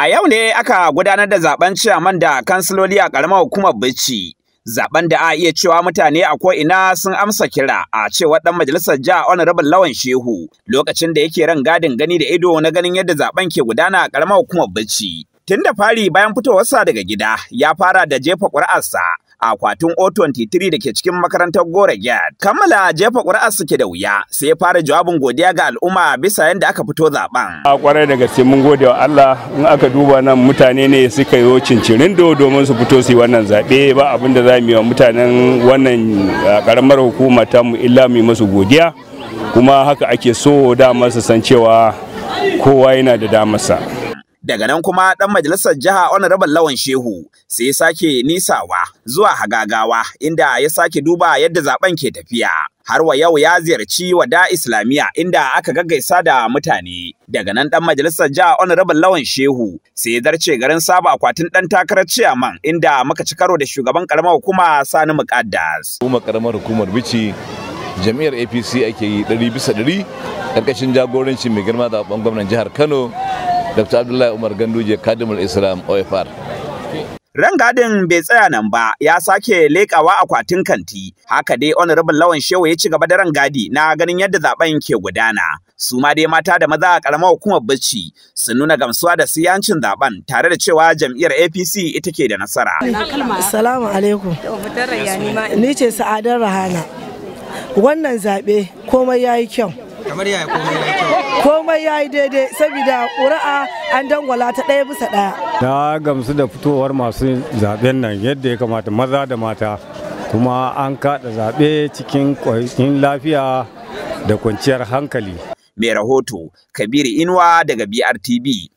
A yau ne aka gudanar da zaben ciyaman da kansiloli a ƙaramar hukumar bicci Zaben da a iya cewa mutane a ko'ina sun amsa kira a cewar ɗan majalisar jiha rabin Lawan Shehu lokacin da yake ran gadin gani da ido na ganin yadda zaben ke gudana a ƙaramar hukumar bicci Tun da fari bayan fitowarsa daga gida ya fara da jefa ƙuri'arsa akwatin O23 da ke cikin makarantar Gora Gyad. Kammala jefa ƙuri'ar suke da wuya sai fara jawabin godiya ga al'umma bisa yadda aka fito zaben. A kwarai da gaske mun gode wa Allah in aka duba nan mutane ne suka yi cincirin do domin su fito su yi wannan zaɓe ba abin da za mu yi wa mutanen wannan ƙaramar hukuma ta mu illa mu yi musu godiya kuma haka ake so dama su san cewa kowa yana da damarsa. daga nan kuma ɗan majalisar jiha honorable lawan shehu sai ya sake nisawa zuwa hagagawa inda ya sake duba yadda zaben ke tafiya har wa yau ya ziyarci wada islamiyya inda aka gaggaisa da mutane daga nan dan majalisar jiha honorable lawan shehu sai ya zarce garin saba akwatin dan takarar ciyaman inda muka ci karo da shugaban karamar hukuma sani muqaddas kuma karamar hukumar bici jami'ar apc ake yi ɗari bisa ɗari ƙarƙashin jagorancin mai girma da gwamnan jihar kano Dr. Abdullahi Umar Ganduje Kadimul Islam OFR. Rangadin bai tsaya nan ba ya sake lekawa akwatin kanti haka dai honorable lawan shewa ya ci gaba da rangadi na ganin yadda zaben ke gudana su ma dai mata da maza a karamar hukumar bacci sun nuna gamsuwa da siyancin zaben tare da cewa jam'iyyar APC ita ke da nasara. Assalamu alaikum. Ni ce Sa'adar Rahana. Wannan zaɓe komai yayi kyau. kamar yaya komai ya kyau komai ya yi daidai saboda ƙuri'a an dangwala ta ɗaya bisa ɗaya na gamsu da fitowar masu zaɓen nan yadda ya kamata maza da mata kuma an kaɗa zaɓe cikin lafiya da kwanciyar hankali mai rahoto kabiru inuwa daga brtb